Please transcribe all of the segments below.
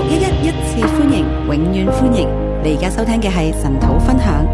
六一一一次歡迎，永遠歡迎！你而家收聽嘅係神土分享。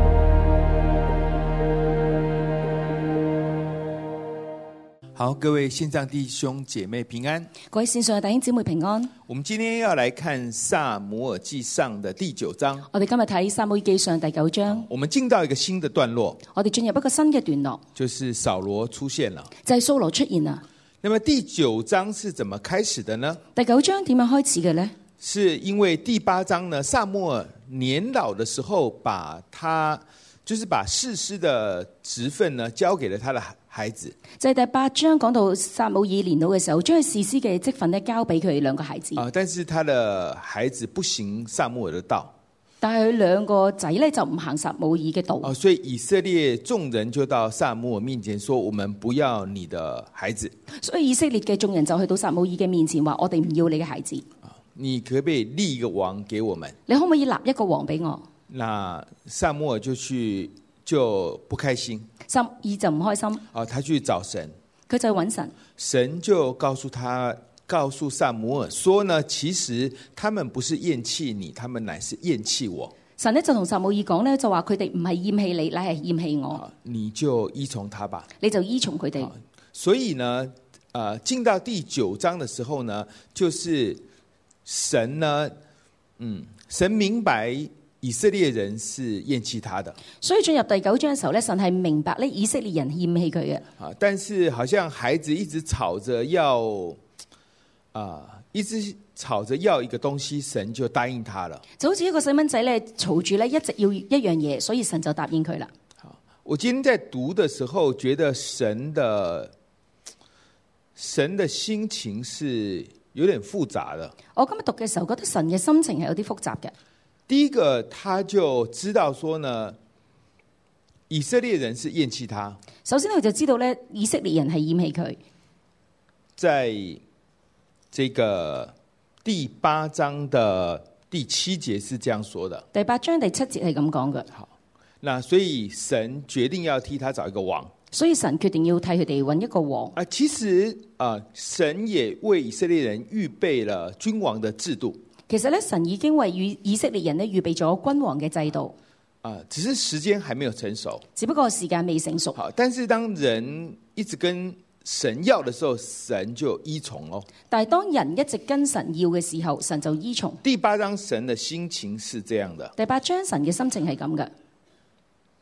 好，各位綫上弟兄姐妹平安，各位綫上嘅弟兄姐妹平安。我們今天要來看《撒母耳記上》的第九章。我哋今日睇《撒母耳記上》第九章，我們進到一個新嘅段落。我哋進入一個新嘅段落，就是掃羅出現了，就係掃羅出現啦。那麼第九章是怎麼開始的呢？第九章點樣開始嘅呢？是因為第八章呢，撒母耳年老的時候，把他就是把士師的職分呢，交給了他的孩子。就係第八章講到撒母耳年老嘅時候，將佢士師嘅職分呢，交俾佢兩個孩子。啊，但是他的孩子不行撒母耳的道。但係佢兩個仔呢，就唔行撒母耳嘅道。啊，所以以色列眾人就到撒母耳面前說：我們不要你的孩子。所以以色列嘅眾人就去到撒母耳嘅面前話：我哋唔要你嘅孩子。你可不可以立一個王給我們？你可唔可以立一個王俾我？那撒母耳就去就不開心，撒母耳就唔開心。哦、啊，他去找神，佢就去揾神。神就告訴他，告訴撒母耳說呢：呢其實他們不是厭棄你，他們乃是厭棄我。神呢就同撒母耳講呢，就話佢哋唔係厭棄你，乃係厭棄我、啊。你就依從他吧，你就依從佢哋、啊。所以呢，啊、呃，進到第九章的時候呢，就是。神呢，嗯，神明白以色列人是厭棄他的，所以進入第九章的時候呢，神是明白呢以色列人厭棄佢嘅。啊，但是好像孩子一直吵着要、啊、一直吵着要一個東西，神就答應他了。就好似一個細蚊仔咧，吵住咧，一直要一樣嘢，所以神就答應佢啦。好，我今天在讀的時候，覺得神的神的心情是。有點複雜的。我今日讀嘅時候覺得神嘅心情係有啲複雜嘅。第一個，他就知道說呢，以色列人是厭棄他。首先，我就知道呢，以色列人係厭棄佢。在這個第八章的第七節是這樣說的。第八章第七節係咁講嘅。好，那所以神決定要替他找一個王。所以神決定要替佢哋揾一個王。啊，其實啊，神也為以色列人預備了君王的制度。其實咧，神已經為以以色列人咧預備咗君王嘅制度。啊，只是時間還沒有成熟。只不過時間未成熟。好，但是當人一直跟神要的時候，神就依從咯。但係當人一直跟神要嘅時候，神就依從。第八章神的心情是這樣的。第八章神嘅心情係咁嘅。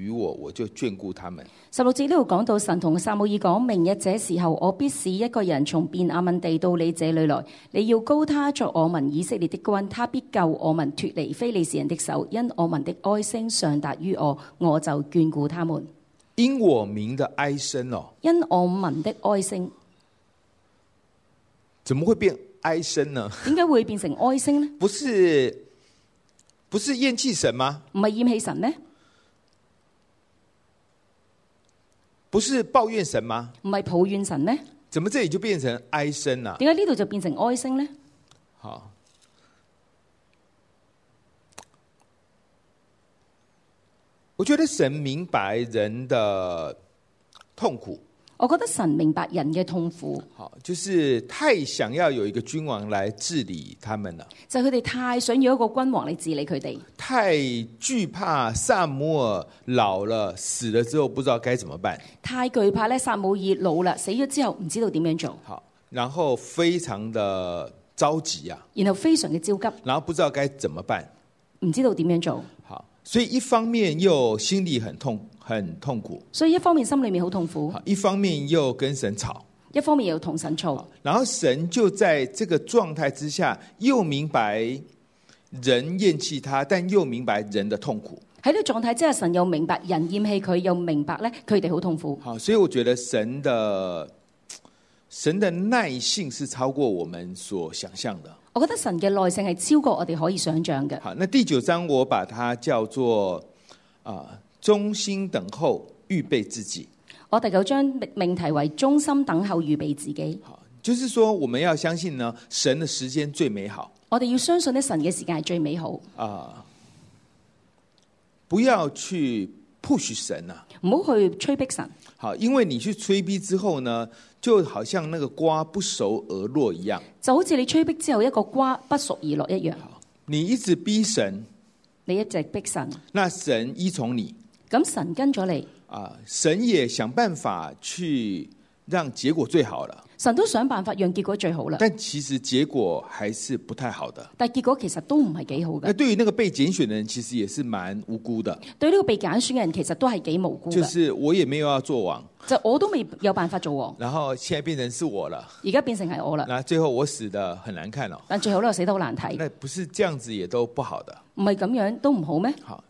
與我我就眷顧他們。十六節呢度講到神同撒母耳講：明日這時候，我必使一個人從便雅憫地到你這裏來。你要高他作我們以色列的君，他必救我們脱離非利士人的手。因我們的哀聲上達於我，我就眷顧他們。因我名的哀聲哦，因我民的哀聲，怎麼會變哀聲呢？點解會變成哀聲呢？不是不是厭棄神嗎？唔係厭棄神咩？不是抱怨神嗎？唔係抱怨神呢？怎麼這裏就變成哀聲啦？點解呢度就變成哀聲呢？好，我覺得神明白人的痛苦。我覺得神明白人嘅痛苦，好，就是太想要有一個君王來治理他們啦，就係佢哋太想要一個君王嚟治理佢哋，太懼怕撒母耳老了死了之後不知道該怎麼辦，太懼怕咧撒母耳老啦死咗之後唔知道點樣做，好，然後非常的着急啊，然後非常嘅焦急，然後不知道該怎麼辦，唔知道點樣做，好，所以一方面又心裏很痛。很痛苦，所以一方面心裏面好痛苦。好，一方面又跟神吵，一方面又同神嘈，然後神就在這個狀態之下，又明白人厭棄他，但又明白人的痛苦。喺呢個狀態之下，神又明白人厭棄佢，又明白呢佢哋好痛苦。好，所以我覺得神的神的耐性是超過我們所想象的。我覺得神嘅耐性係超過我哋可以想象嘅。好，那第九章我把它叫做啊。中心等候預備自己，我第九章命題為中心等候預備自己。就是說我們要相信呢，神的時間最美好。我哋要相信呢，神嘅時間係最美好。啊、呃，不要去 push 神啊，唔好去催逼神。好，因為你去催逼之後呢，就好像那個瓜不熟而落一樣，就好似你催逼之後一個瓜不熟而落一樣。你一直逼神，你一直逼神，一逼神那神依從你。咁神跟咗你啊！神也想辦法去讓結果最好啦。神都想辦法讓結果最好啦。但其實結果還是不太好的。但結果其實都唔係幾好嘅。那對於那個被揀選的人，其實也是蠻無辜的。對於呢個被揀選嘅人，其實都係幾無辜。就是我也沒有要做王，就我都未有辦法做王。然後現在變成是我了。而家變成係我啦。那，最後我死得很難看咯。但最後咧，死得好難睇。那不是這樣子也都不好的。唔係咁樣都唔好咩？好。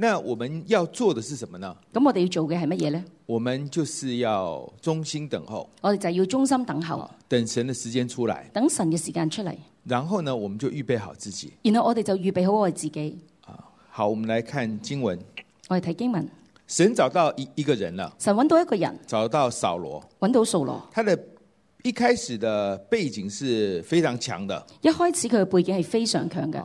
那我們要做的是什麼呢？咁我哋要做嘅係乜嘢呢？我們就是要忠心等候。我哋就要忠心等候，等神的時間出來，等神嘅時間出嚟。然後呢，我們就預備好自己。然後我哋就預備好我自己。好，我們來看經文。我哋睇經文。神找到一一個人了。神揾到一個人。找到掃羅。揾到掃羅。他的一開始的背景是非常強的。一開始佢嘅背景係非常強嘅。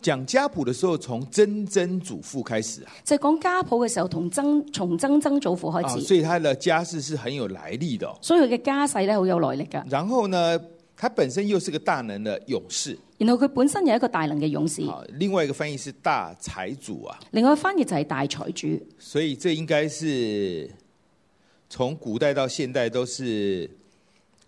講家譜的時候，從曾曾祖父開始啊！就講家譜嘅時候，從曾從曾曾祖父開始。哦、所以佢嘅家、哦、家世是很有來歷的。所以佢嘅家世呢，好有來歷噶。然後呢，佢本身又是個大能的勇士。然後佢本身又一個大能嘅勇士、哦。另外一個翻譯是大財主啊。另外一個翻譯就係大財主。所以這應該是從古代到現代都是。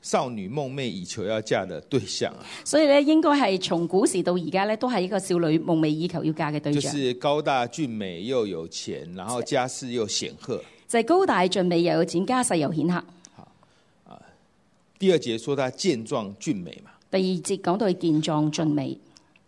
少女夢寐以求要嫁的對象啊！所以咧，應該係從古時到而家咧，都係一個少女夢寐以求要嫁嘅對象。就是高大俊美又有錢，然後家世又顯赫。就係高大俊美又有錢，家世又顯赫。第二節說他健壯俊美嘛。第二節講到佢健壯俊美。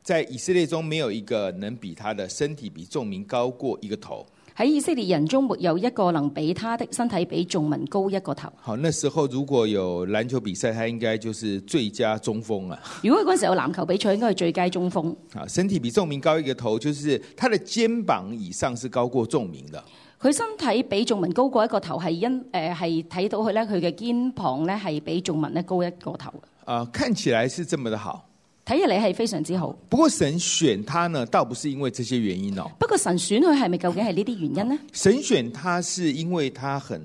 在以色列中，沒有一個能比他的身體比眾民高過一個頭。喺以色列人中沒有一個能比他的身體比仲文高一個頭。好，那時候如果有籃球比賽，他應該就是最佳中鋒啊。如果嗰時候籃球比賽，應該係最佳中鋒。啊，身體比仲文高一個頭，就是他的肩膀以上是高過仲文的。佢身體比仲文高過一個頭，係因誒係睇到佢咧，佢嘅肩膀咧係比仲文咧高一個頭。啊、呃，看起來是這麼的好。睇嚟起嚟係非常之好，不過神選他呢，倒不是因為這些原因哦、喔。不過神選佢係咪究竟係呢啲原因呢？神選他是因為他很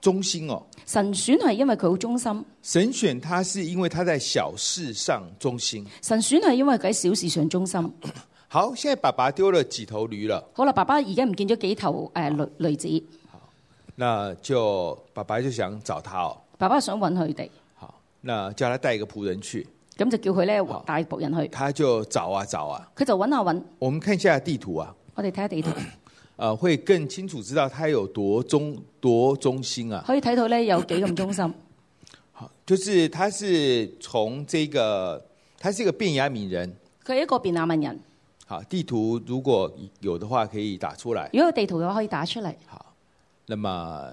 忠心哦、喔。神選係因為佢好忠心。神選他是因為他在小事上忠心。神選係因為佢喺小事上忠心。好，現在爸爸丟了幾頭驢了。好啦，爸爸而家唔見咗幾頭誒驢驢子好。那就爸爸就想找他哦、喔。爸爸想揾佢哋。好，那叫他帶一個僕人去。咁就叫佢咧帶僕人去，他就找啊找啊，佢就揾下揾。我們看一下地圖啊，我哋睇下地圖，啊、呃，會更清楚知道他有多中多中心啊。可以睇到咧有幾咁中心 ，好，就是他是從這個，他是一個變亞民人，佢係一個變亞民人。好，地圖如果有的話可以打出來，如果有地圖嘅話可以打出嚟。好，那麼。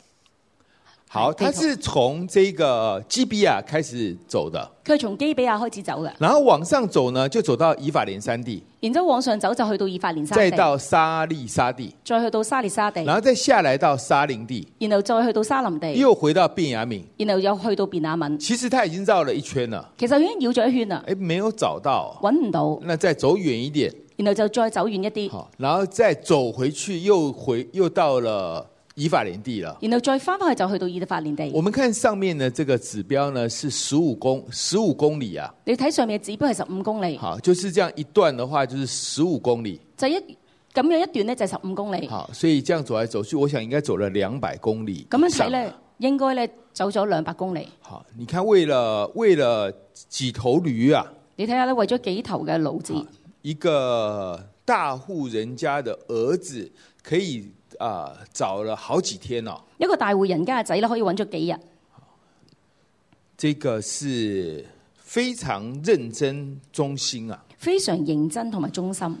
好，他是從這個基比亞開始走的，佢係從基比亞開始走嘅，然後往上走呢，就走到以法蓮山地，然之後往上走就去到以法蓮山地，再到沙利沙地，再去到沙利沙地，然後再下來到沙林地，然後再去到沙林地，又回到便雅憫，然後又去到便雅憫。其實他已經繞了一圈啦，其實已經繞咗一圈啦，誒，沒有找到，揾唔到，那再走遠一點，然後就再走遠一啲，好，然後再走回去，又回又到了。以法連地啦，然後再翻翻去就去到以法連地。我們看上面的這個指標呢，是十五公十五公里啊。你睇上面嘅指標係十五公里。好，就是這樣一段的話，就是十五公里。就一咁樣一段呢，就十五公里。好，所以這樣走來走去，我想應該走了兩百公里。咁樣睇呢，應該呢，走咗兩百公里。好，你看為了為了幾頭驢啊？你睇下呢，為咗幾頭嘅驢子，一個大戶人家的兒子可以。啊！找了好幾天咯，一個大戶人家嘅仔啦，可以揾咗幾日。這個是非常認真忠心啊，非常認真同埋忠心，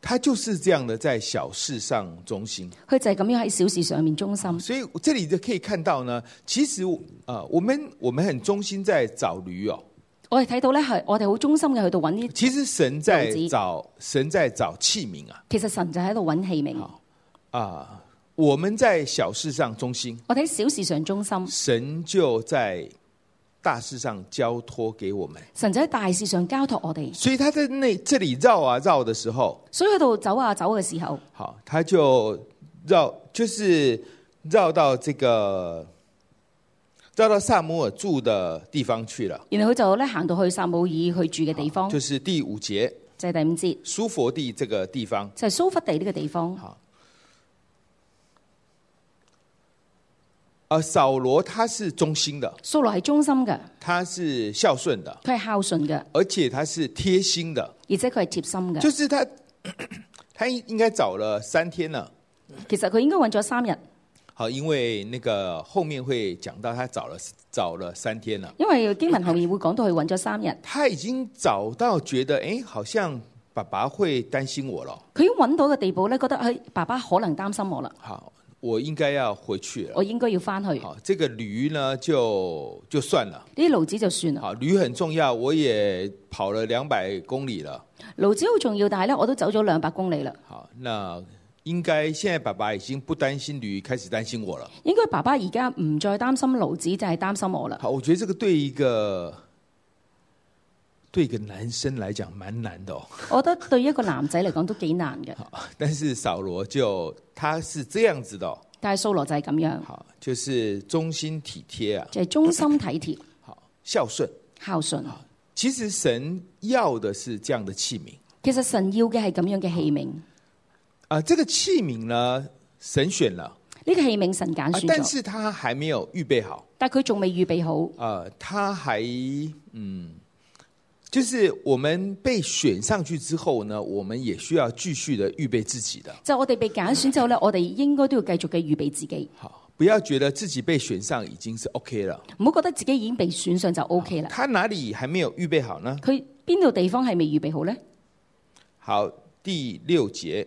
他就是這樣的在小事上忠心，佢就係咁樣喺小事上面忠心。所以這裏就可以看到呢，其實啊，我們我們很忠心在找驢友。我哋睇到咧，係我哋好忠心嘅去到揾呢。其實神在找，神在找器皿啊！其實神就喺度揾器皿。啊，我們在小事上忠心，我睇小事上忠心，神就在大事上交託給我們。神就喺大事上交託我哋，所以他在那這裏繞啊繞的時候，所以喺度走啊走嘅時候，好，他就繞，就是繞到這個。到到撒母耳住的地方去了，然後佢就咧行到去撒母耳去住嘅地方，就是第五節，就係第五節蘇弗地這個地方，就係蘇弗地呢個地方。哈，啊，掃羅他是忠心的，掃羅係忠心嘅，他是孝順的，佢係孝順嘅，而且他是貼心的，而且佢係貼心嘅，就是他，他應該他應該找了三天啦，其實佢應該揾咗三日。好，因為那個後面會講到他，到他找了找了三天啦。因為經文後面會講到，佢揾咗三日。他已經找到，覺得誒、哎，好像爸爸會擔心我咯。佢揾到嘅地步呢，覺得誒，爸爸可能擔心我啦。好，我應該要回去了，我應該要翻去。好，這個驢呢就就算啦。啲驢子就算啦。好，驢很重要，我也跑了兩百公里了。驢子好重要，但係呢，我都走咗兩百公里啦。好，那。應該現在爸爸已經不擔心女，開始擔心我了。應該爸爸而家唔再擔心老子，就係、是、擔心我啦。好，我覺得這個對一個對一個男生來講蠻難的哦。我覺得對一個男仔嚟講都幾難的，但是掃羅就他是這樣子的、哦、但係掃羅就係咁樣。好，就是忠心體貼啊。就係忠心體貼。好，孝順。孝順順。其實神要的是這樣的器皿。其實神要嘅係咁樣嘅器皿。啊，這個器皿呢，神選了，呢個器皿神揀選，但是他還沒有預備好，但佢仲未預備好，啊，他還，嗯，就是我們被選上去之後呢，我們也需要繼續的預備自己的，就我哋被揀選之後呢，我哋應該都要繼續嘅預備自己，好，不要覺得自己被選上已經是 OK 了，唔好覺得自己已經被選上就 OK 啦，他哪裡還沒有預備好呢？佢邊度地方係未預備好呢？好，第六節。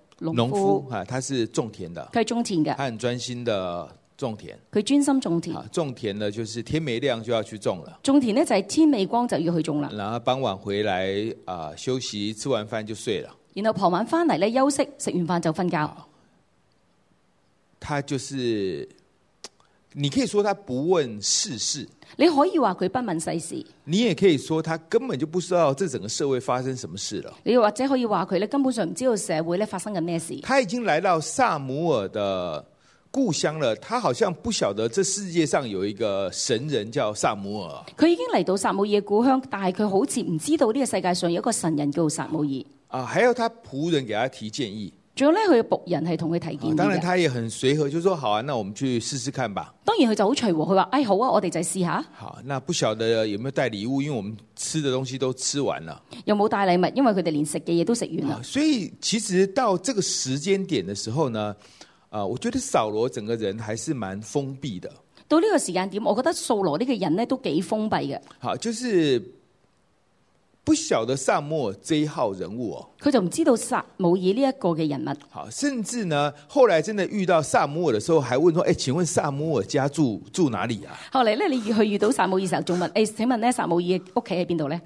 農夫啊，他是種田的。佢種田嘅，佢很專心的種田。佢專心種田。種田呢，就是天沒亮就要去種了。種田呢就係天未光就要去種啦。然後傍晚回來啊、呃，休息，吃完飯就睡了。然後傍晚翻嚟咧，休息，食完飯就瞓覺。他就是。你可以說他不問世事，你可以話佢不問世事，你也可以說他根本就不知道這整個社會發生什麼事了。你又或者可以話佢咧，根本上唔知道社會咧發生緊咩事。他已經來到撒母耳的故鄉了，他好像不曉得這世界上有一個神人叫撒母耳。佢已經嚟到撒母耳嘅故鄉，但係佢好似唔知道呢個世界上有一個神人叫撒母耳。啊，還有他僕人給他提建議。仲有咧，佢嘅僕人係同佢提見。當然，他也很隨和，就說：好啊，那我們去試試看吧。當然，佢就好隨和，佢話：哎，好啊，我哋就試下。好，那不曉得有沒有帶禮物？因為我們吃的東西都吃完了。又冇帶禮物，因為佢哋連食嘅嘢都食完啦。所以其實到這個時間點的時候呢，啊，我覺得掃羅整個人還是蠻封閉的。到呢個時間點，我覺得掃羅呢個人呢都幾封閉嘅。好，就是。不曉得撒摩爾這一號人物哦，佢就唔知道撒摩爾呢一個嘅人物。好，甚至呢，後來真的遇到撒摩爾的時候，還問說：，誒、欸，請問撒摩爾家住住哪裏啊？後來呢，你去遇到撒摩爾時候，仲問：，誒、欸，請問呢撒摩爾屋企喺邊度呢？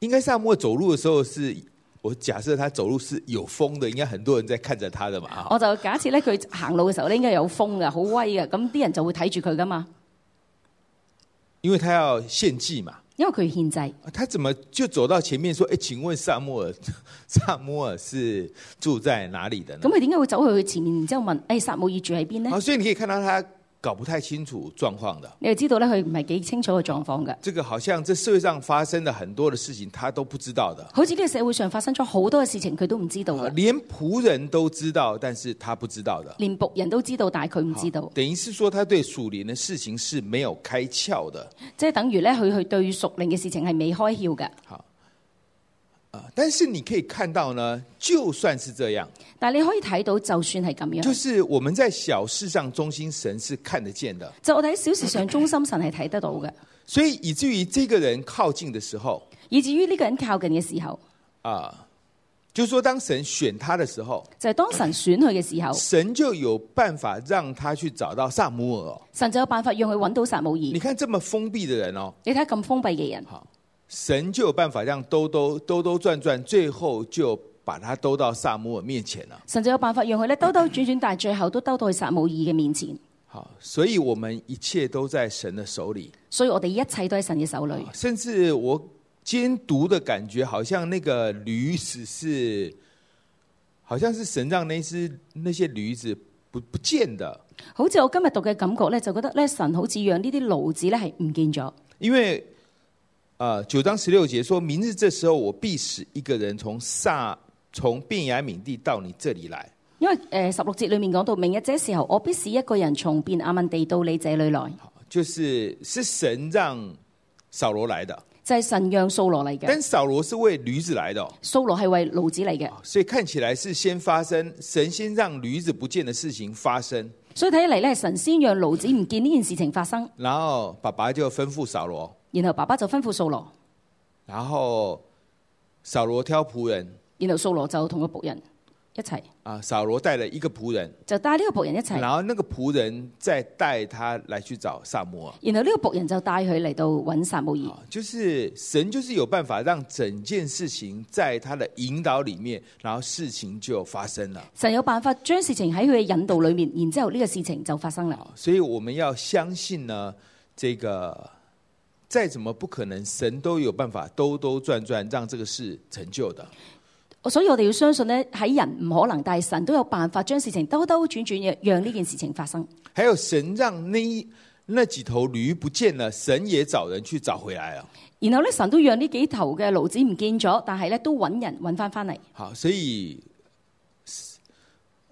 應該撒摩爾走路嘅時候是，是我假設他走路是有風嘅，應該很多人在看着他的嘛。我就假設呢，佢行路嘅時候咧，應該有風嘅，好威嘅，咁啲人就會睇住佢噶嘛。因為他要獻祭嘛。因為佢現在、啊，他怎麼就走到前面說：，誒，請問撒摩爾，薩摩爾是住在哪裏的呢？咁佢點解會走去佢前面然之後問：，誒、哎，撒母耳住喺邊呢、啊？所以你可以看到他。搞不太清楚狀況的，你就知道呢，佢唔係幾清楚嘅狀況嘅。這個好像，這社會上發生了很多的事情，他都不知道的。好似呢個社會上發生咗好多嘅事情，佢都唔知道嘅。連僕人都知道，但是他不知道的。連僕人都知道，但係佢唔知道。等於是說，他對屬靈嘅事情是沒有開竅的。即係等於呢，佢去對屬靈嘅事情係未開竅嘅。好。但是你可以看到呢，就算是這樣。但你可以睇到，就算係咁樣。就是我們在小事上中心神是看得見的。就我哋喺小事上中心神係睇得到嘅。所以以至於這個人靠近的時候，以至於呢個人靠近嘅時候，啊，就說當神選他的時候，就當神選佢嘅時候，神就有辦法讓他去找到撒母耳，神就有辦法讓佢揾到撒母耳，你看這麼封閉的人哦，你睇咁封閉嘅人。神就有辦法讓兜兜，兜兜轉轉，最後就把它兜到撒母耳面前了。神就有辦法讓佢咧兜兜轉轉，但係最後都兜到去撒母耳嘅面前。好，所以我們一切都在神的手裏。所以我哋一切都喺神嘅手裏。甚至我今讀的感覺，好像那個驢子是，好像是神讓那隻那些驢子不不見的。好似我今日讀嘅感覺咧，就覺得咧神好似讓呢啲驢子咧係唔見咗，因為。九、uh, 章十六節說，明日這時候我必使一個人從撒從便雅憫地到你這裏來，因為誒十六節裏面講到明日這時候我必使一個人從便雅憫地到你這裏來，就是是神讓掃羅來的，就係神讓掃羅嚟嘅，但掃羅是為驢子來的，掃羅係為驢子嚟嘅，所以看起來是先發生神先讓驢子不見的事情發生，所以睇嚟咧神先讓驢子唔見呢件事情發生，然後爸爸就吩咐掃羅。然後爸爸就吩咐掃羅，然後掃羅挑僕人。然後掃羅就同個僕人一齊。啊，掃羅帶了一個僕人，就帶呢個僕人一齊。然後那個僕人再帶他嚟去找撒母耳。然後呢個僕人就帶佢嚟到揾撒母耳。就是神就是有辦法讓整件事情在他的引導裏面，然後事情就發生了。神有辦法將事情喺佢嘅引導裏面，然之後呢個事情就發生啦。所以我們要相信呢，這個。再怎麼不可能，神都有辦法兜兜轉轉讓這個事成就的。所以我哋要相信呢，喺人唔可能，但係神都有辦法將事情兜兜轉轉，讓呢件事情發生。還有神讓呢那，那幾頭驢不見了，神也找人去找回來了。然後呢，神都讓呢幾頭嘅驢子唔見咗，但係呢都揾人揾翻翻嚟。吓，所以。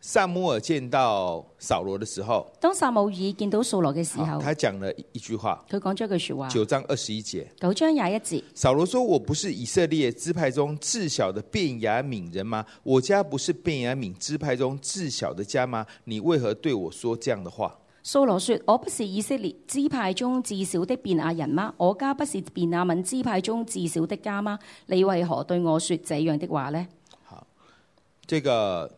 撒母耳見到掃羅的時候，當撒母耳見到掃羅嘅時候，他講了一一句話。佢講咗一句說話。九章二十一節。九章廿一節。掃羅說我不是以色列支派中至小的便雅憫人嗎？我家不是便雅憫支派中至小的家嗎？你為何對我說這樣的話？掃羅說，我不是以色列支派中至小的便雅人嗎？我家不是便雅憫支派中至小的家嗎？你為何對我說這樣的話呢？好，這個。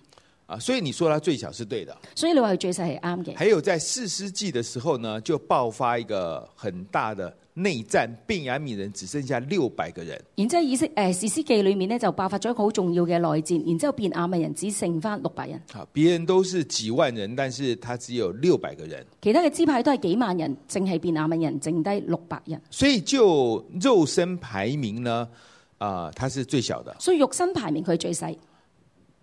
啊，所以你說他最小是對的，所以你話佢最細係啱嘅。還有在士師記的時候呢，就爆發一個很大的內戰，便雅憫人只剩下六百個人。然之後以色誒士師記裏面呢，就爆發咗一個好重要嘅內戰，然之後便雅憫人只剩返六百人。好，別人都是幾萬人，但是他只有六百個人。其他嘅支派都係幾萬人，淨係便雅憫人剩低六百人。人所以就肉身排名呢，啊、呃，它是最小的。所以肉身排名佢最細。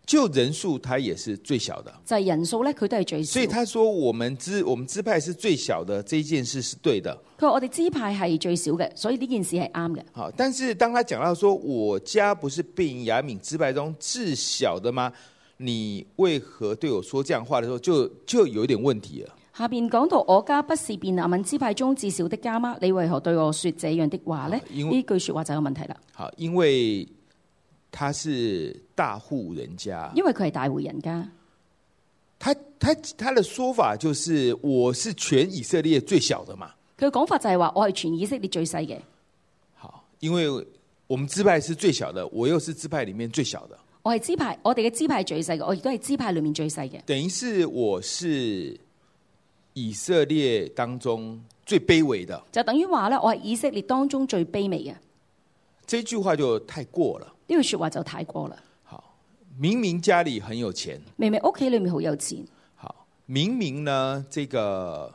就人數，他也是最小的。就係人數呢，佢都係最小。所以，他說：，我們支我們支派是最小的，這一件事係對的。佢話：我哋支派係最少嘅，所以呢件事係啱嘅。好，但是當他講到說我家不是便雅憫支派中至小的嗎？你為何對我說這樣話的時候，就就有一點問題。下邊講到我家不是便雅憫支派中至小的家嗎？你為何對我說這樣的話咧？呢句説話就有問題啦。好，因為。他是大戶人家，因為佢係大戶人家。他他他的說法就是，我是全以色列最小的嘛。佢講法就係話，我係全以色列最細嘅。好，因為我們支派是最小的，我又是支派裏面最小的。我係支派，我哋嘅支派最細嘅，我亦都係支派裏面最細嘅。等於是我是以色列當中最卑微的，就等於話咧，我係以色列當中最卑微嘅。這句話就太過了。呢句說話就太過啦！明明家裏很有錢，明明屋企裏面好有錢。明明呢，這個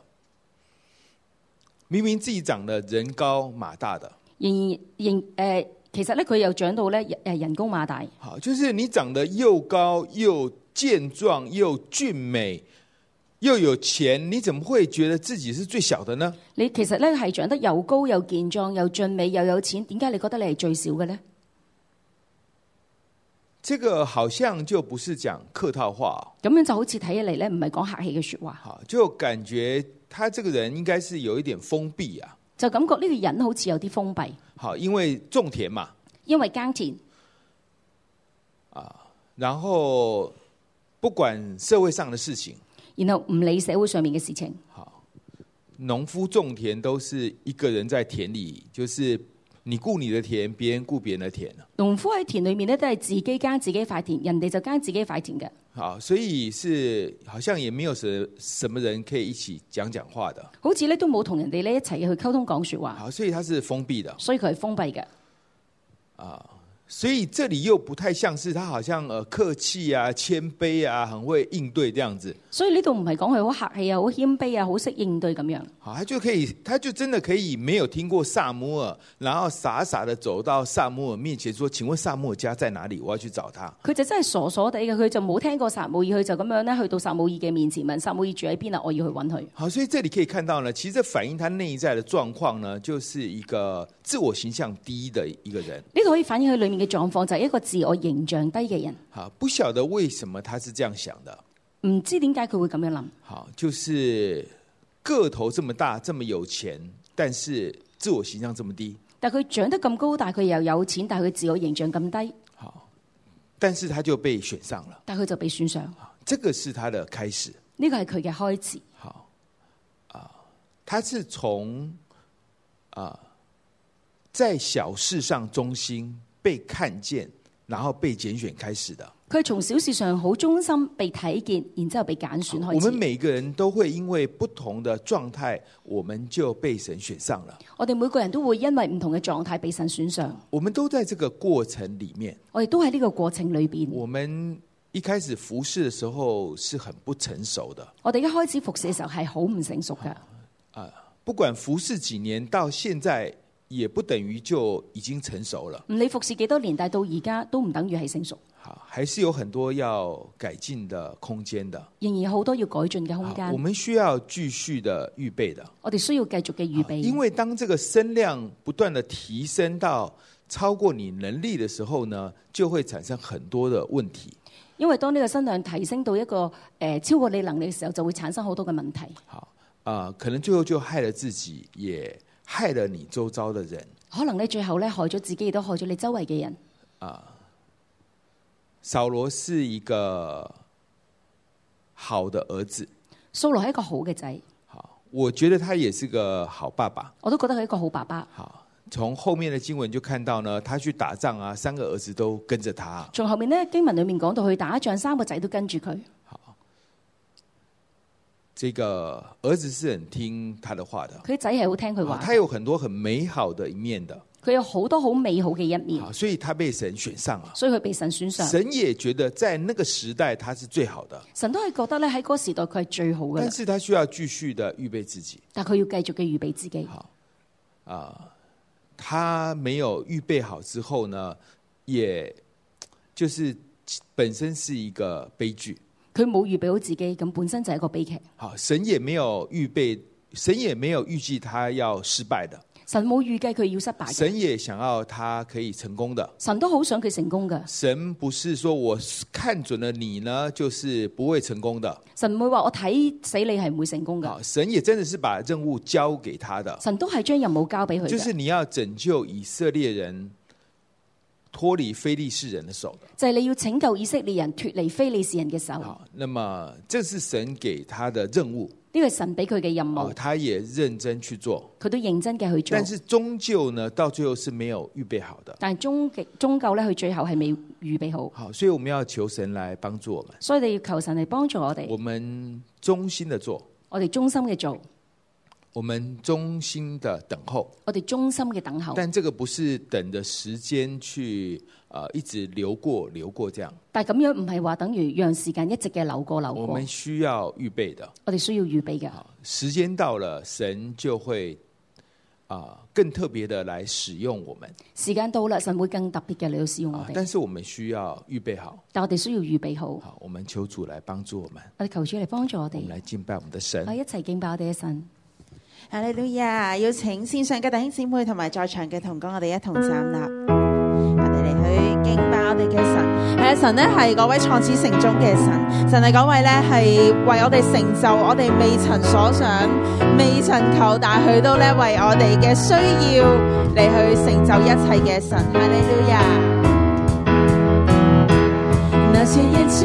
明明自己長得人高馬大的，然然、呃、其實呢，佢又長到咧人高馬大。就是你長得又高又健壯又俊美又有錢，你怎麼會覺得自己是最小的呢？你其實呢，係長得又高又健壯又俊美又有錢，點解你覺得你係最小嘅呢？這個好像就不是講客套話，咁樣就好似睇起嚟咧，唔係講客氣嘅說話。好，就感覺他這個人應該是有一點封閉啊。就感覺呢個人好似有啲封閉。好，因為種田嘛，因為耕田啊，然後不管社會上的事情，然後唔理社會上面嘅事情。好，農夫種田都是一個人在田裏，就是。你顧你的田，別人顧別人的田。農夫喺田裏面呢，都係自己耕自己塊田，人哋就耕自己塊田嘅。好，所以是好像也沒有什什麼人可以一起講講話的。好似呢，都冇同人哋呢一齊去溝通講說話。好，所以佢係封閉的。所以佢係封閉嘅。啊，所以這裏又不太像是他，好像呃客氣啊、謙卑啊、很會應對這樣子。所以呢度唔係講佢好客氣啊，好謙卑啊，好識應對咁樣。好，他就可以，他就真的可以沒有聽過撒母耳，然後傻傻的走到撒母耳面前說：請問撒母耳家在哪裏？我要去找他。佢就真係傻傻地嘅，佢就冇聽過撒母耳，佢就咁樣呢，去到撒母耳嘅面前問：撒母耳住喺邊啊？我要去揾佢。好，所以這裏可以看到呢，其實反映他內在的狀況呢，就是一個自我形象低的一個人。呢度可以反映佢裏面嘅狀況，就係一個自我形象低嘅人。好，不曉得為什麼他是這樣想的。唔知點解佢會咁樣諗，好，就是個頭這麼大，這麼有錢，但是自我形象這麼低。但佢長得咁高，但佢又有錢，但佢自我形象咁低。好，但是他就被選上了。但佢就被選上，這個是他的開始。呢個係佢嘅開始。好，啊，他是從啊在小事上忠心被看見，然後被揀選開始的。佢從小事上好忠心被睇見，然之後被揀選開始。我們每個人都會因為不同的狀態，我們就被神選上了。我哋每個人都會因為唔同嘅狀態被神選上。我們都在這個過程裡面。我哋都喺呢個過程裏邊。我們一開始服侍嘅時候是很不成熟的。我哋一開始服侍嘅時候係好唔成熟嘅。啊，不管服侍幾年，到現在也不等於就已經成熟了。唔理服侍幾多年，但係到而家都唔等於係成熟。好，還是有很多要改進的空間的。仍然好多要改進嘅空間。我們需要繼續的預備的。我哋需要繼續嘅預備。因為當這個聲量不斷的提升到超過你能力的時候呢，就會產生很多的問題。因為當呢個聲量提升到一個誒、呃、超過你能力嘅時候，就會產生好多嘅問題。好，啊、呃，可能最後就害了自己，也害了你周遭的人。可能你最後呢，害咗自己，亦都害咗你周圍嘅人。啊。掃羅是一個好的兒子，掃羅是一個好嘅仔。好，我覺得他也是個好爸爸。我都覺得佢係一個好爸爸。好，從後面的經文就看到呢，他去打仗啊，三個兒子都跟着他。從後面呢經文裏面講到去打仗，三個仔都跟住佢。這個兒子是很聽他的話的。佢仔係好聽佢話。他有很多很美好的一面的。佢有好多好美好嘅一面，所以他被神選上了，所以佢被神選上，神也覺得在那個時代他是最好的。神都係覺得呢，喺嗰個時代佢係最好嘅。但是他需要繼續的預備自己，但佢要繼續嘅預備自己。好啊，他沒有預備好之後呢，也就是本身是一個悲劇。佢冇預備好自己，咁本身就係一個悲劇。好，神也沒有預備，神也沒有預計他要失敗的。神冇預計佢要失敗。神也想要他可以成功的。神都好想佢成功的。神不是說我看準了你呢，就是不會成功的。神唔會話我睇死你係唔會成功嘅，哦。神也真的是把任務交給他的。神都係將任務交俾佢。就是你要拯救以色列人脫離非利士人的手的。就係你要拯救以色列人脫離非利士人嘅手。好，那麼這是神給他的任務。呢個神俾佢嘅任務，佢、哦、也認真去做，佢都認真嘅去做。但是終究呢，到最後是沒有預備好的。但係終極終究咧，佢最後係未預備好。好，所以我們要求神來幫助我們。所以你要求神嚟幫助我哋。我們衷心的做，我哋衷心嘅做。我們衷心的等候，我哋衷心嘅等候。但這個不是等着時間去，呃、一直流過流過這樣。但係咁樣唔係話等於讓時間一直嘅流過流過。我們需要預備的，我哋需要預備嘅。時間到了，神就會、呃、更特別的來使用我們。時間到了，神會更特別嘅嚟使用我哋、啊。但是我們需要預備好，但我哋需要預備好。好，我們求主來幫助我們。我哋求主嚟幫助我哋，嚟敬拜我們的神，我們一齊敬拜我哋嘅神。哈利路亞！邀請線上嘅弟兄姊妹同埋在場嘅同工，我哋一同站立，我哋嚟去敬拜我哋嘅神。係呀，神咧係嗰位創始成終嘅神，神係嗰位咧係為我哋成就我哋未曾所想、未曾求，但係佢都咧為我哋嘅需要嚟去成就一切嘅神。哈利路亞！那前一次。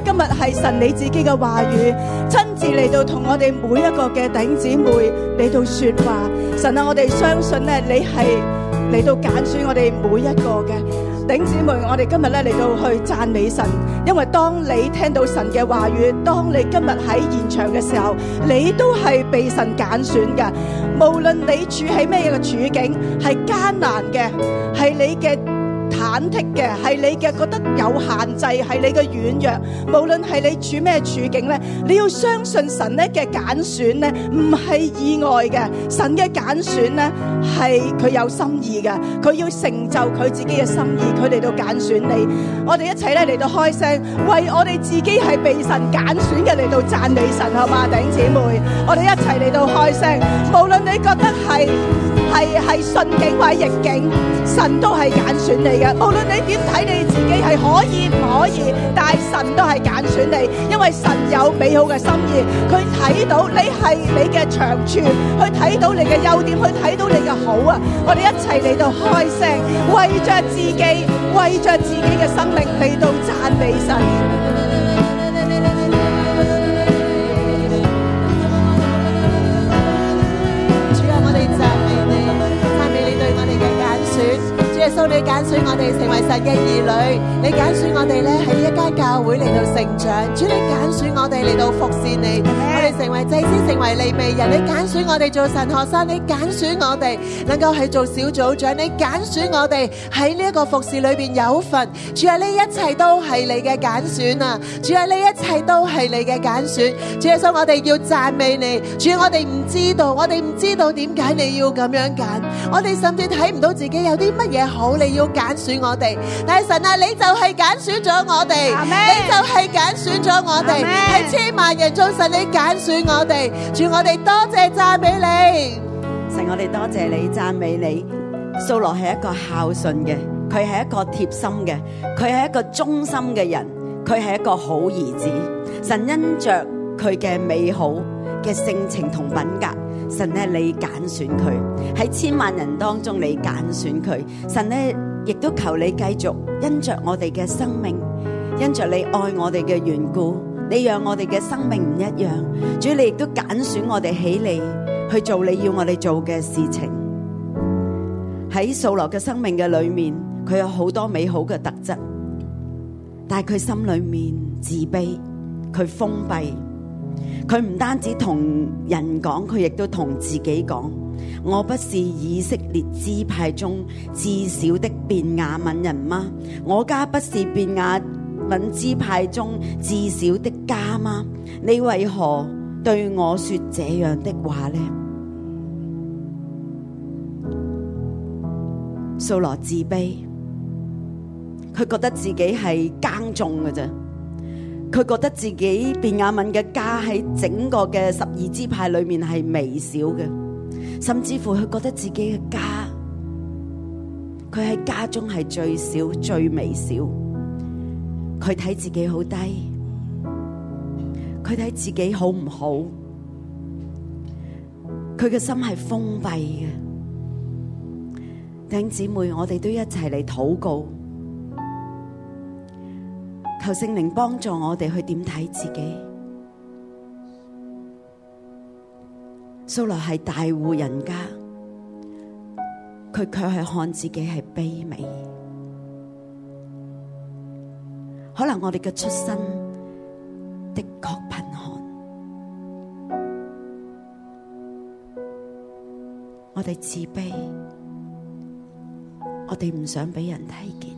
今日係神你自己嘅話語，親自嚟到同我哋每一個嘅頂姊妹嚟到說話。神啊，我哋相信咧，你係嚟到揀選，選我哋每一個嘅頂姊妹。我哋今日咧嚟到去讚美神，因為當你聽到神嘅話語，當你今日喺現場嘅時候，你都係被神揀選嘅。無論你處喺咩嘅處境，係艱難嘅，係你嘅。忐忑嘅係你嘅覺得有限制，係你嘅軟弱。無論係你處咩處境呢，你要相信神咧嘅揀選呢，唔係意外嘅。神嘅揀選呢係佢有心意嘅，佢要成就佢自己嘅心意，佢嚟到揀選你。我哋一齊咧嚟到開聲，為我哋自己係被神揀選嘅嚟到讚美神好嘛？頂姐妹，我哋一齊嚟到開聲。無論你覺得係。係係順境或逆境，神都係揀選你嘅。無論你點睇你自己係可以唔可以，但係神都係揀選你，因為神有美好嘅心意，佢睇到你係你嘅長處，佢睇到你嘅優點，佢睇到你嘅好啊！我哋一齊嚟到開聲，為着自己，為着自己嘅生命嚟到讚美神。主你揀選我哋成為神嘅兒女，你揀選我哋咧喺一間教會嚟到成長，主你揀選我哋嚟到服侍你，我哋成為祭司，成為利未人，你揀選我哋做神學生，你揀選我哋能夠去做小組長，你揀選我哋喺呢一個服侍裏邊有份，主啊，呢一切都係你嘅揀選啊！主啊，呢一切都係你嘅揀選，主耶穌，所以我哋要讚美你，主，我哋唔知道，我哋唔知道點解你要咁樣揀，我哋甚至睇唔到自己有啲乜嘢。冇你要揀選我哋，但係神啊，你就係揀選咗我哋，你就係揀選咗我哋，係千萬人中神，你揀選我哋，主，我哋多謝讚美你，神，我哋多謝你讚美你，蘇羅係一個孝順嘅，佢係一個貼心嘅，佢係一個忠心嘅人，佢係一個好兒子，神因着佢嘅美好嘅性情同品格。神呢，你揀選佢喺千萬人當中，你揀選佢。神呢，亦都求你繼續因着我哋嘅生命，因着你愛我哋嘅緣故，你讓我哋嘅生命唔一樣。主，你亦都揀選我哋起嚟去做你要我哋做嘅事情。喺掃羅嘅生命嘅裏面，佢有好多美好嘅特質，但係佢心裏面自卑，佢封閉。佢唔單止同人講，佢亦都同自己講：我不是以色列支派中至小的便雅憫人嗎？我家不是便雅憫支派中至小的家嗎？你為何對我說這樣的話呢？掃羅自卑，佢覺得自己係耕種嘅啫。佢覺得自己便雅憫嘅家喺整個嘅十二支派裏面係微小嘅，甚至乎佢覺得自己嘅家，佢喺家中係最小、最微小。佢睇自己好低，佢睇自己好唔好，佢嘅心係封閉嘅。弟兄姊妹，我哋都一齊嚟禱告。求聖靈幫助我哋去點睇自己。掃羅係大戶人家，佢卻係看自己係卑微。可能我哋嘅出身的確貧寒，我哋自卑，我哋唔想俾人睇見。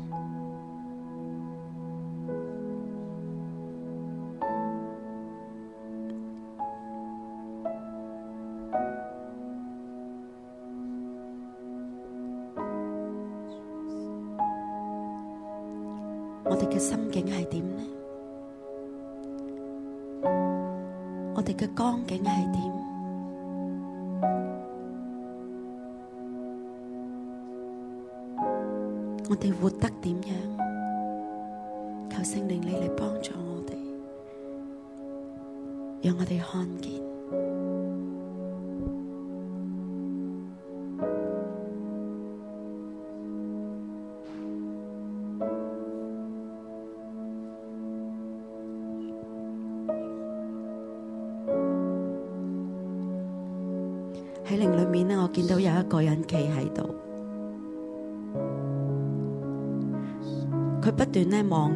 佢不斷咧望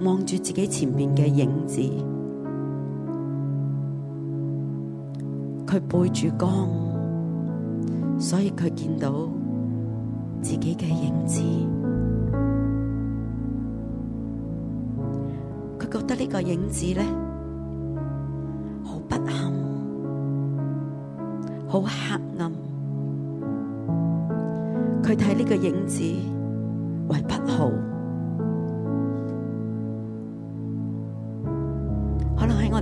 望住自己前面嘅影子，佢背住光，所以佢見到自己嘅影子。佢覺得呢個影子咧好不幸，好黑暗。佢睇呢個影子為乜？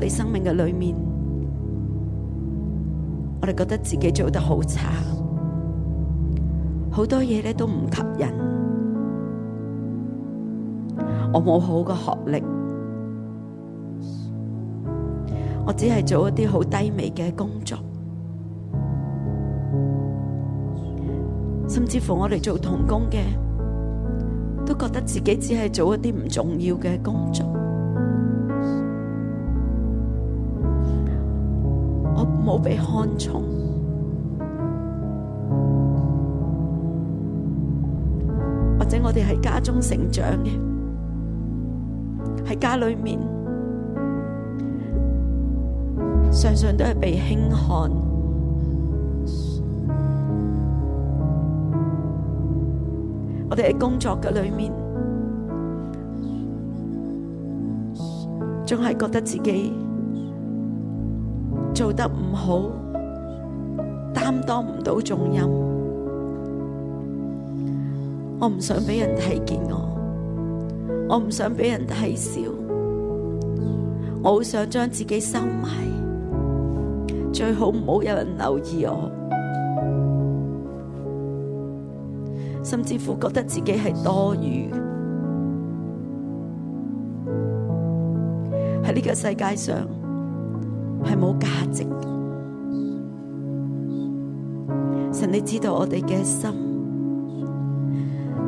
喺生命嘅裏面，我哋覺得自己做得好差，好多嘢咧都唔吸引。我冇好嘅學歷，我只係做一啲好低微嘅工作，甚至乎我哋做童工嘅，都覺得自己只係做一啲唔重要嘅工作。被看重，或者我哋喺家中成長嘅，喺家裏面，常常都係被輕看。我哋喺工作嘅裏面，仲係覺得自己。做得唔好，擔當唔到重任。我唔想俾人睇見我，我唔想俾人睇笑，我好想將自己收埋，最好唔好有人留意我，甚至乎覺得自己係多餘，喺呢個世界上。係冇價值。神，你知道我哋嘅心，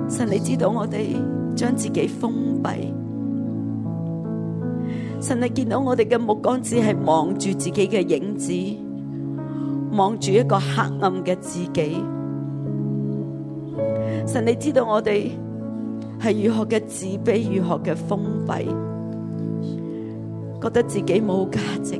神，你知道我哋將自己封閉，神，你見到我哋嘅目光只係望住自己嘅影子，望住一個黑暗嘅自己。神，你知道我哋係如何嘅自卑，如何嘅封閉，覺得自己冇價值。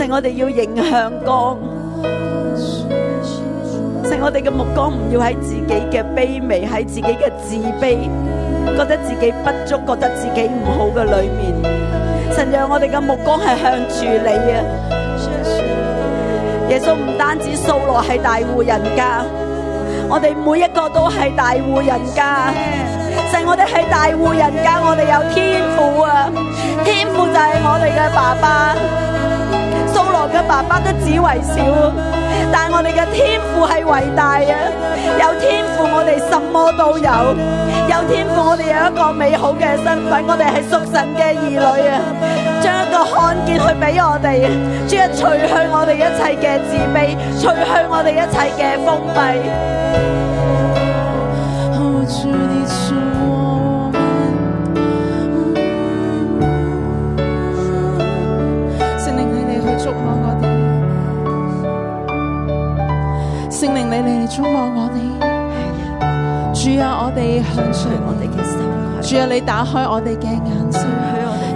神我哋要迎向光，神我哋嘅目光唔要喺自己嘅卑微，喺自己嘅自卑，覺得自己不足，覺得自己唔好嘅裏面。神讓我哋嘅目光係向住你啊！耶穌唔單止掃羅係大戶人家，我哋每一個都係大戶人家。神我哋係大戶人家，我哋有天父啊！天父就係我哋嘅爸爸。我嘅爸爸都只為小，但係我哋嘅天賦係偉大嘅。有天賦，我哋什麼都有；有天賦，我哋有一個美好嘅身份。我哋係屬神嘅兒女啊！將一個看見去俾我哋，將去除去我哋一切嘅自卑，除去我哋一切嘅封閉。矚望我哋，主啊，我哋向著我哋嘅心，主啊，你打開我哋嘅眼睛，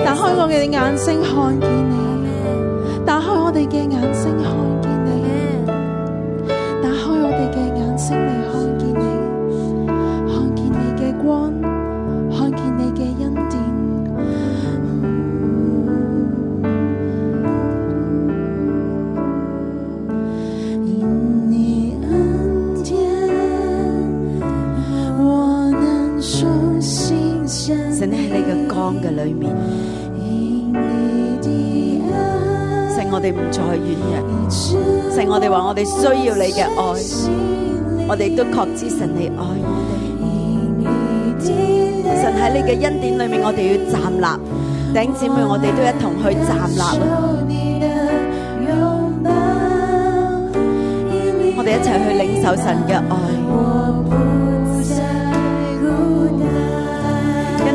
打開我哋嘅眼睛，看見你，打開我哋嘅眼睛。看見你打開我神喺你嘅光嘅裏面，神我哋唔再軟弱，神我哋話我哋需要你嘅愛，我哋都確知神你愛我哋。神喺你嘅恩典裏面，我哋要站立，弟兄姊妹，我哋都一同去站立。我哋一齊去領受神嘅愛。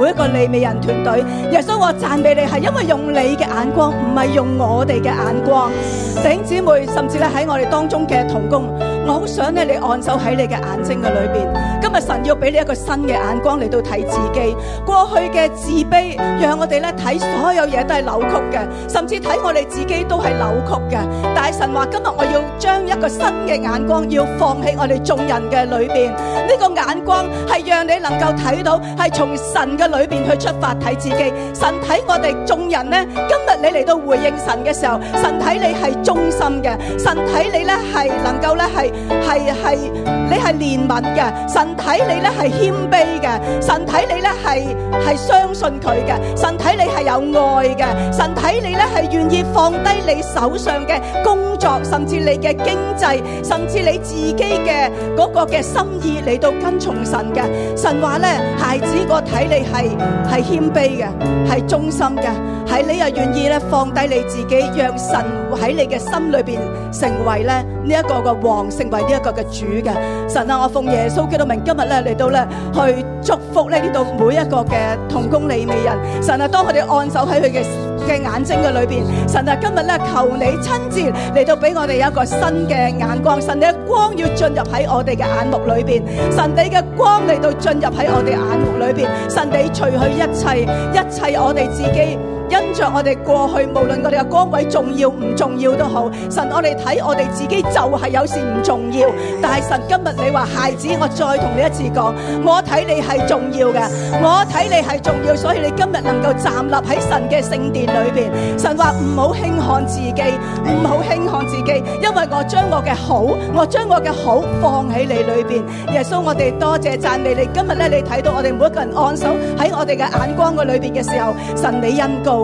每一個利未人團隊，耶穌我讚俾你，係因為用你嘅眼光，唔係用我哋嘅眼光。弟兄姊妹，甚至咧喺我哋當中嘅同工，我好想咧你按手喺你嘅眼睛嘅裏邊。今日神要俾你一個新嘅眼光嚟到睇自己，過去嘅自卑，讓我哋咧睇所有嘢都係扭曲嘅，甚至睇我哋自己都係扭曲嘅。但神話，今日我要。將一個新嘅眼光要放喺我哋眾人嘅裏邊，呢個眼光係讓你能夠睇到，係從神嘅裏邊去出發睇自己。神睇我哋眾人咧，今日你嚟到回應神嘅時候，神睇你係忠心嘅，神睇你咧係能夠咧係係係你係憐憫嘅，神睇你咧係謙卑嘅，神睇你咧係係相信佢嘅，神睇你係有愛嘅，神睇你咧係願意放低你手上嘅工。.甚至你嘅經濟，甚至你自己嘅嗰個嘅心意嚟到跟從神嘅，神話咧，孩子個體你係係謙卑嘅，係忠心嘅，係你又願意咧放低你自己，讓神喺你嘅心裏邊成為咧呢一個嘅王，成為呢一個嘅主嘅。神啊，我奉耶穌基督名，今日咧嚟到咧去祝福咧呢度每一個嘅同工利未人。神啊，當佢哋按手喺佢嘅。嘅眼睛嘅裏邊，神啊，今日咧求你親自嚟到俾我哋一個新嘅眼光，神你嘅光要進入喺我哋嘅眼目裏邊，神你嘅光嚟到進入喺我哋眼目裏邊，神你除去一切一切我哋自己。跟住我哋過去，無論我哋嘅崗位重要唔重要都好，神，我哋睇我哋自己就係有時唔重要，但係神今日你話，孩子，我再同你一次講，我睇你係重要嘅，我睇你係重要，所以你今日能夠站立喺神嘅聖殿裏邊，神話，唔好輕看自己，唔好輕看自己，因為我將我嘅好，我將我嘅好放喺你裏邊，耶穌，我哋多謝讚美你，今日咧你睇到我哋每一個人按手喺我哋嘅眼光嘅裏邊嘅時候，神你恩膏。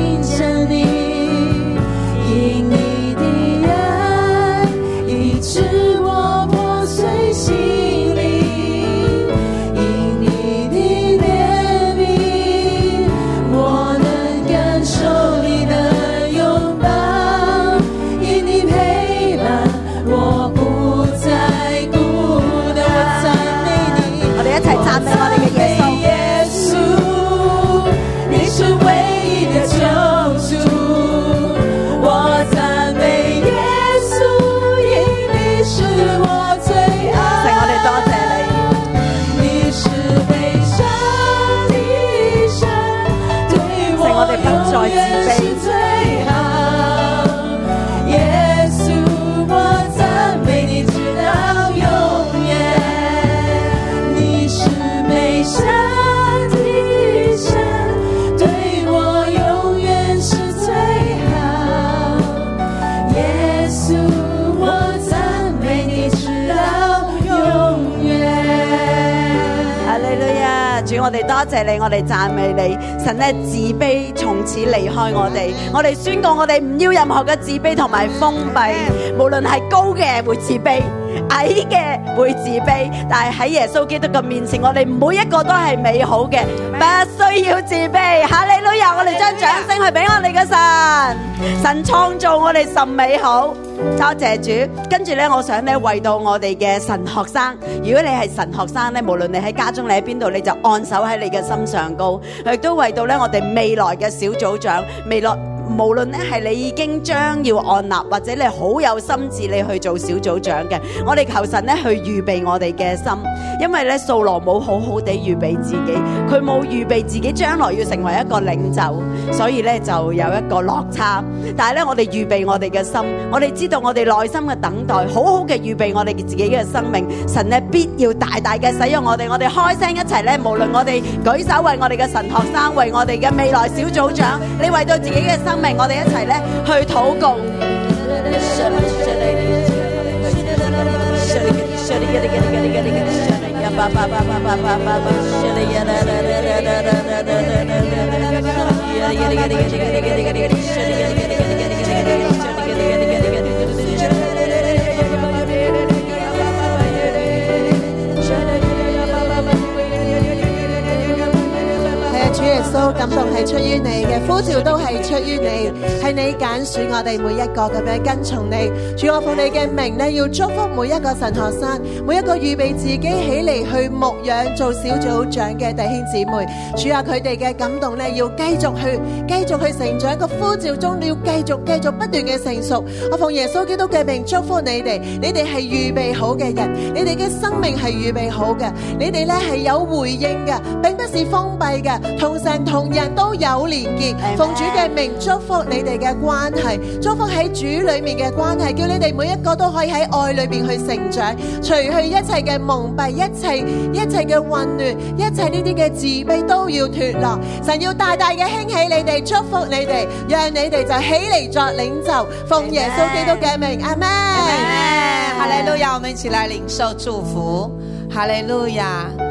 你我哋讚美你，神咧，自卑從此離開我哋，我哋宣告我哋唔要任何嘅自卑同埋封閉，Amen. 無論係高嘅會自卑，矮嘅會自卑，但係喺耶穌基督嘅面前，我哋每一個都係美好嘅，Amen. 不需要自卑。哈利路亞！我哋掌聲去俾我你嘅神，神創造我哋神美好，多謝主。跟住呢，我想呢，為到我哋嘅神學生，如果你係神學生呢，無論你喺家中，你喺邊度，你就按手喺你嘅心上高，亦都為到呢，我哋未來嘅小組長，未來。無論咧係你已經將要按立，或者你好有心志你去做小組長嘅，我哋求神咧去預備我哋嘅心，因為咧掃羅冇好好地預備自己，佢冇預備自己將來要成為一個領袖，所以咧就有一個落差。但係咧我哋預備我哋嘅心，我哋知道我哋內心嘅等待，好好嘅預備我哋自己嘅生命。神咧必要大大嘅使用我哋，我哋開聲一齊咧，無論我哋舉手為我哋嘅神學生，為我哋嘅未來小組長，你為到自己嘅生命。明我哋一齊呢，去禱告。 所有感動係出於你嘅呼召，都係出於你，係你揀選我哋每一個咁樣跟從你。主我奉你嘅名咧，要祝福每一個神學生，每一個預備自己起嚟去牧養做小組長嘅弟兄姊妹。主啊，佢哋嘅感動咧，要繼續去，繼續去成長。個呼召中你要繼續繼續不斷嘅成熟。我奉耶穌基督嘅名祝福你哋，你哋係預備好嘅人，你哋嘅生命係預備好嘅，你哋咧係有回應嘅，並不是封閉嘅。同時。同人都有連結，奉主嘅名祝福你哋嘅關係，祝福喺主裏面嘅關係，叫你哋每一個都可以喺愛裏面去成長，除去一切嘅蒙蔽，一切一切嘅混亂，一切呢啲嘅自卑都要脫落。神要大大嘅興起你哋，祝福你哋，讓你哋就起嚟作領袖，奉耶穌基督嘅名，阿門。阿門。哈利路亞，我們一齊嚟領受祝福。哈利路亞。